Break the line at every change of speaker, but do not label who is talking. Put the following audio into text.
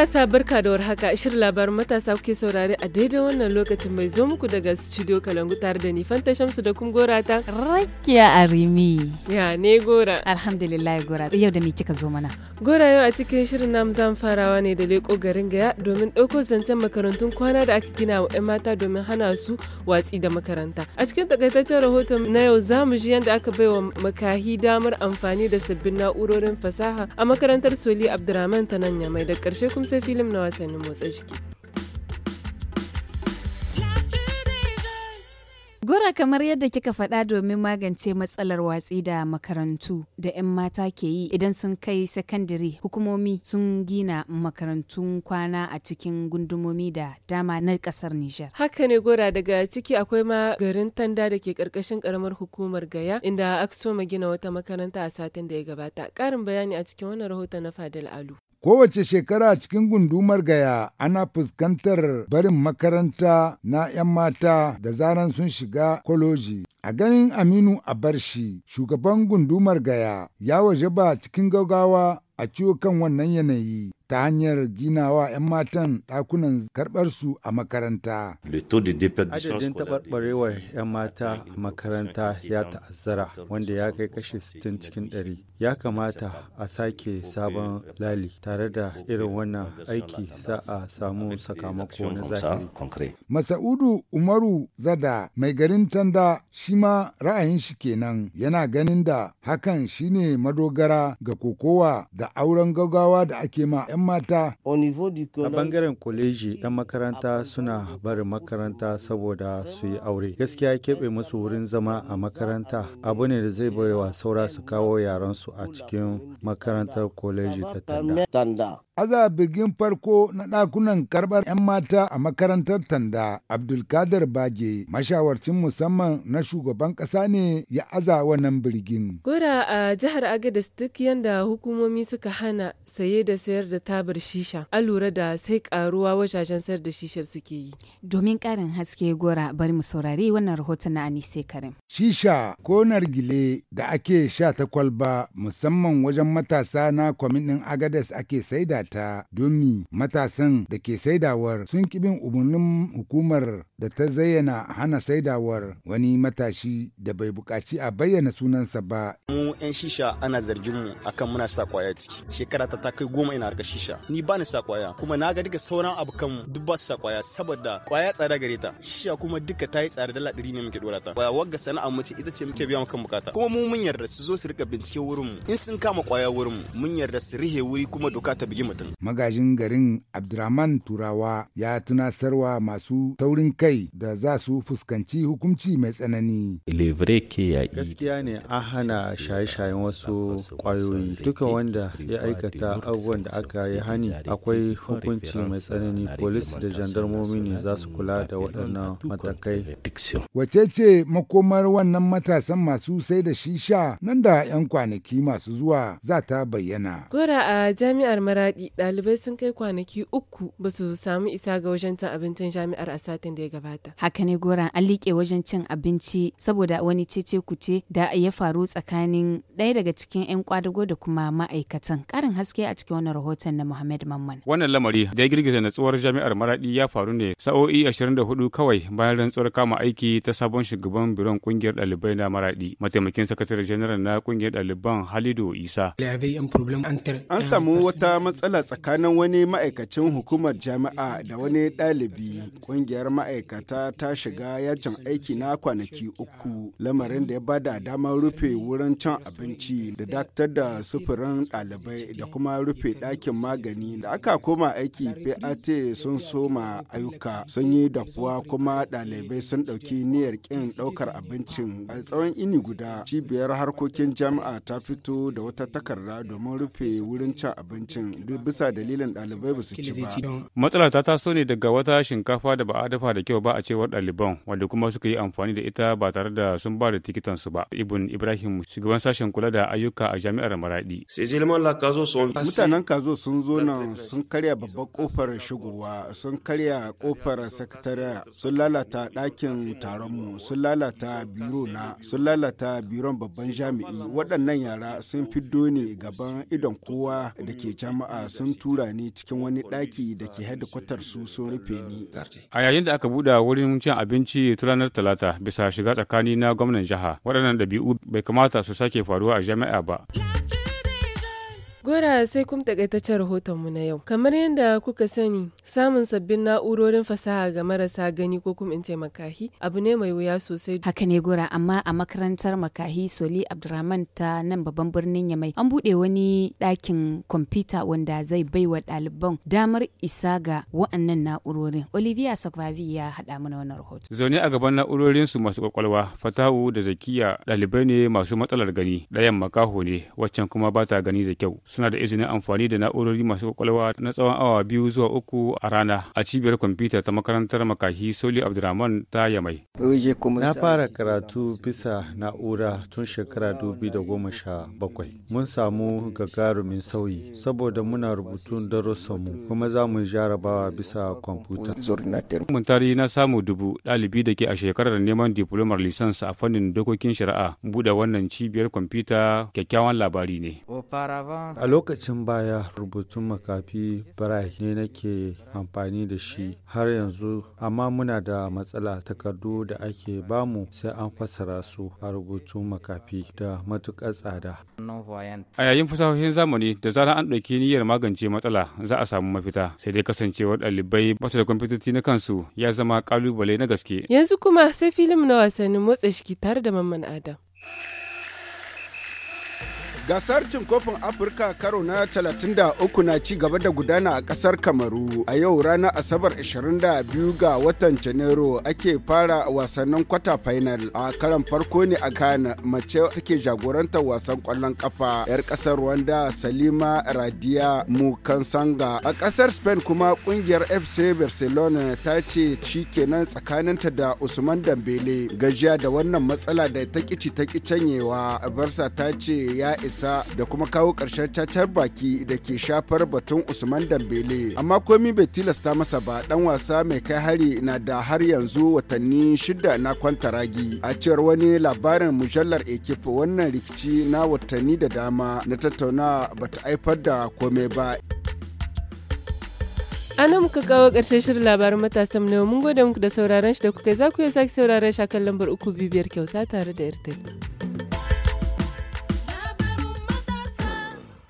Matasa barka da haka shirin labarin matasa kuke saurare a daidai wannan lokacin mai zo muku daga studio Kalangu tare da ni Fanta Shamsu da kuma Gora ta. Rakiya
Arimi.
Ya ne Gora.
Alhamdulillah Gora yau da me kika zo mana.
Gora yau a cikin shirin namu zan farawa ne da leko garin Gaya domin dauko zancen makarantun kwana da aka gina wa 'yan mata domin hana su watsi da makaranta. A cikin takaitaccen rahoton na yau za mu ji yadda aka baiwa makahi damar amfani da sabbin na'urorin fasaha a makarantar Soli Abdurrahman ta nan mai da karshe kuma sai filim na wasannin
Gora kamar yadda kika faɗa domin magance matsalar watsi da makarantu da 'yan mata ke yi idan sun kai sakandare hukumomi sun gina makarantun kwana a cikin gundumomi da dama na ƙasar Nijar.
Haka ne Gora daga ciki akwai ma garin Tanda da ke ƙarƙashin ƙaramar hukumar Gaya inda aka soma gina wata makaranta a satin da ya gabata. Ƙarin bayani a cikin wannan rahoton na fadal Alu.
Kowace shekara cikin gundumar gaya ana fuskantar barin makaranta na 'yan mata da zaran sun shiga koloji. A ganin Aminu Abarshi, shugaban gundumar gaya ya waje ba cikin gaugawa a ciwo kan wannan yanayi. ta hanyar ginawa 'yan matan ɗakunan karɓarsu a makaranta.
Adadin taɓarɓarewar 'yan mata a makaranta ya ta'azzara wanda ya kai kashi 60 cikin ɗari. ya kamata a sake sabon lali tare da irin wannan aiki za a samu sakamako na zahiri.
Masa'udu Umaru Zada mai garin Tanda shi ma ra'ayin shi kenan yana ganin da hakan shi ne madogara ga kokowa da auren gaggawa da ake ma 'yan mata.
A bangaren kwaleji 'yan makaranta suna barin makaranta saboda su yi aure. Gaskiya keɓe musu wurin zama a makaranta abu ne da zai baiwa saura su kawo yaransu a cikin makarantar koleji ta tanda.
aza birgin farko na ɗakunan karɓar 'yan mata a makarantar tanda abdulkadir bage mashawarcin musamman na shugaban ƙasa ne ya aza wannan birgin
gora a jihar agadis duk yadda hukumomi suka hana saye da sayar da tabar shisha a lura da
sai karuwa wajajen sayar da shishar suke yi domin ƙarin haske gora bari mu saurari wannan rahoton na anise karim
shisha ko nargile da ake sha ta kwalba musamman wajen matasa na kwamitin Agadis ake saida ta domi matasan da ke saidawar sun kibin umarnin hukumar da ta zayyana hana saidawar wani matashi da bai bukaci a bayyana sunansa ba.
Mu 'yan shisha ana zargin mu akan muna sa kwaya ciki. Shekara ta kai goma ina harkar shisha. Ni ba ni sa kwaya kuma na ga duka sauran abokan duk ba su sa kwaya saboda kwaya tsada gare ta. Shisha kuma duka ta yi tsada dala ɗari ne muke dora ta. Ba wagga sana'a mu ce ita ce muke biya kan bukata. Kuma mu mun yarda su zo su rika bincike wurin mu. In sun kama kwaya wurin mu mun yarda su rihe wuri kuma doka ta bigi mutum.
Magajin garin Abdurrahman Turawa ya tunasarwa masu taurin kai da za su fuskanci hukunci mai tsanani.
Gaskiya ne an hana shaye-shayen wasu kwayoyi duka wanda ya aikata abubuwan da aka yi hani akwai hukunci mai tsanani polis da jandarmomi ne za su kula da waɗannan matakai.
Wace ce makomar wannan matasan masu sai da shisha nan da 'yan kwanaki masu zuwa za ta bayyana.
Gora a jami'ar Maradi daɗi ɗalibai sun kai kwanaki uku ba su samu isa ga wajen cin abincin jami'ar a satin da ya gabata.
Haka ne gora an liƙe wajen cin abinci saboda wani cece kuce da ya faru tsakanin ɗaya daga cikin 'yan kwadago da kuma ma'aikatan. karin haske a cikin wannan rahoton na Muhammad Mamman.
Wannan lamari da ya girgiza natsuwar jami'ar Maraɗi ya faru ne sa'o'i hudu kawai bayan rantsuwar kama aiki ta sabon shugaban biron ƙungiyar ɗalibai na Maraɗi. Mataimakin sakataren janar na ƙungiyar ɗaliban Halidu Isa. An samu euh, wata
matsala matsala tsakanin wani ma'aikacin hukumar jami'a da wani ɗalibi ƙungiyar ma'aikata ta shiga yajin aiki na kwanaki uku lamarin da ya bada damar rufe wurin cin abinci da daktar da sufurin ɗalibai da kuma rufe ɗakin magani da aka koma aiki pat sun soma ayyuka sun yi dafuwa kuma ɗalibai sun ɗauki niyyar ƙin ɗaukar abincin a tsawon ini guda cibiyar harkokin jami'a ta fito da wata takarda domin rufe wurin cin abincin bisa dalilin ɗalibai ba su ci
ba. Matsala ta taso ne daga wata shinkafa da ba a dafa da kyau ba a cewar ɗaliban wanda kuma suka yi amfani da ita ba tare da sun ba da tikitan su ba. Ibn Ibrahim shugaban sashen kula da ayyuka a jami'ar Maradi. Mutanen
kazo sun zo nan sun karya babbar kofar shigowa sun karya kofar sakatariya sun lalata ɗakin mu sun lalata biro na sun lalata biron babban jami'i waɗannan yara sun fiddo ne gaban idon kowa da ke jama'a. sun tura ni cikin wani ɗaki da ke hedikwatar su sun rufe ni.
A yayin da aka buɗe wurin cin abinci ta Talata bisa shiga tsakani na gwamnan jiha, waɗannan ɗabi'u bai kamata su sake faruwa a jami'a ba.
Gora sai kuma takaitaccen rahoton mu na yau. Kamar yadda kuka sani, Samun sabbin na'urorin fasaha ga marasa gani ko kuma in ce makahi abu ne mai wuya
sosai. Haka ne gora amma a makarantar makahi Soli Abdurrahman ta nan babban birnin Yamai an buɗe wani dakin kwamfuta wanda zai bai wa ɗaliban damar isa ga wa'annan na'urorin. Olivia Sokvavi ya haɗa mana wannan rahoto.
Zaune a gaban na'urorin su masu kwakwalwa Fatahu da Zakiya ɗalibai ne masu matsalar gani ɗayan makaho ne waccan kuma ba gani da kyau suna da izinin amfani da na'urori masu kwakwalwa na tsawon awa biyu zuwa uku a rana a cibiyar kwamfuta ta makarantar makahi Soli Abdulrahman ta Yamai.
Na fara karatu bisa na'ura tun shekara bakwai Mun samu gagarumin sauyi saboda muna rubutun darussanmu kuma za mu jarabawa bisa kwamfuta.
Mun tari na samu dubu ɗalibi da ke a shekarar neman diplomar lisans a fannin dokokin shari'a buɗe wannan cibiyar kwamfuta kyakkyawan labari
ne. A lokacin baya rubutun makafi Barai ne nake amfani da shi har yanzu amma muna da matsala takardu da ake bamu sai an fassara su a rubutun makafi da matuƙar tsada.
A yayin fasahohin zamani da zarar an ɗauki niyyar magance matsala za a samu mafita sai dai kasancewar ɗalibai basu da kwamfutoci na kansu ya zama kalubale na gaske.
Yanzu kuma sai filim na wasannin motsa shiki tare da Mamman Adam.
Gasar cin kofin Afirka karo na 33 na ci gaba da gudana a kasar Kamaru. A yau ranar Asabar 22 ga watan Janairu ake fara wasannin kwata final a karan farko ne a Ghana mace take jagorantar wasan kwallon kafa 'yar kasar Rwanda Salima Radia Mukansanga. A kasar Spain kuma kungiyar FC Barcelona ta ce shikenan tsakaninta da Usman Dambele. Gajiya da wannan matsala da ta kici ta ki canyewa Barsa ta ce ya isa da kuma kawo ƙarshen cacar baki da ke shafar batun Usman Dambele. Amma komi bai tilasta masa ba dan wasa mai kai hari na da har yanzu watanni shida na ragi A cewar wani labarin mujallar ekip wannan rikici na watanni da dama na tattauna bata haifar da komai ba.
ana muka kawo karshen shirin labarin matasan na mun gode muku da sauraron shi da kuka za ku iya sake sauraron shi a kan lambar uku bibiyar kyauta tare da airtel